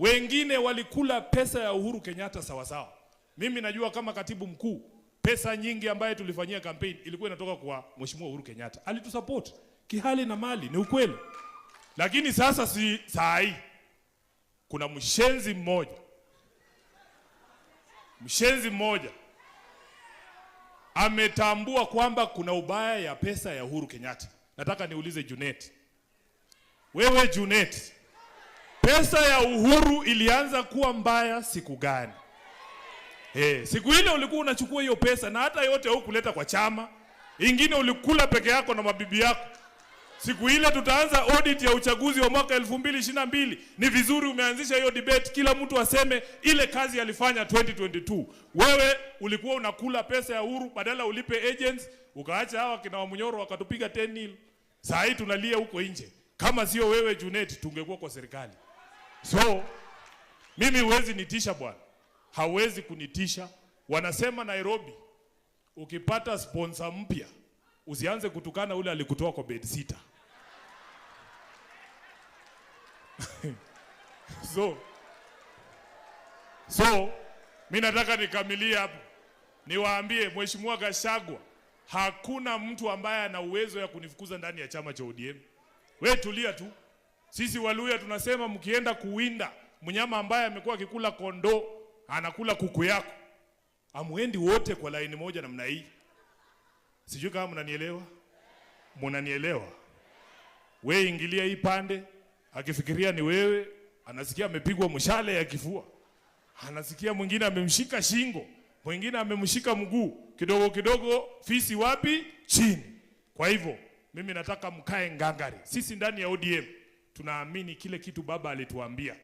Wengine walikula pesa ya Uhuru Kenyatta sawasawa. Mimi najua kama katibu mkuu, pesa nyingi ambayo tulifanyia campaign ilikuwa inatoka kwa Mheshimiwa Uhuru Kenyatta. Alitusupport kihali na mali, ni ukweli. Lakini sasa si saa hii, kuna mshenzi mmoja, mshenzi mmoja ametambua kwamba kuna ubaya ya pesa ya Uhuru Kenyatta. Nataka niulize Junet, wewe Junet Pesa ya uhuru ilianza kuwa mbaya siku gani? Eh, siku ile ulikuwa unachukua hiyo pesa na hata yote au kuleta kwa chama, ingine ulikula peke yako na mabibi yako. Siku ile tutaanza audit ya uchaguzi wa mwaka 2022. Ni vizuri umeanzisha hiyo debate, kila mtu aseme ile kazi alifanya 2022. Wewe ulikuwa unakula pesa ya uhuru badala ulipe agents, ukaacha hawa kina Wamunyoro wakatupiga 10 nil. Sasa hii tunalia huko nje. Kama sio wewe Junet, tungekuwa kwa serikali. So mimi huwezi nitisha bwana, hawezi kunitisha. Wanasema Nairobi, ukipata sponsor mpya usianze kutukana ule alikutoa kwa bed sita. so so mi nataka nikamilie hapo, niwaambie Mheshimiwa Gashagwa, hakuna mtu ambaye ana uwezo ya kunifukuza ndani ya chama cha ODM. We tulia tu. Sisi Waluya tunasema mkienda kuwinda mnyama ambaye amekuwa akikula kondoo anakula kuku yako, amwendi wote kwa laini moja namna hii. Sijui kama mnanielewa, mnanielewa? We ingilia hii pande, akifikiria ni wewe, anasikia amepigwa mshale ya kifua, anasikia mwingine amemshika shingo, mwingine amemshika mguu, kidogo kidogo fisi wapi? Chini. Kwa hivyo mimi nataka mkae ngangari, sisi ndani ya ODM tunaamini kile kitu Baba alituambia.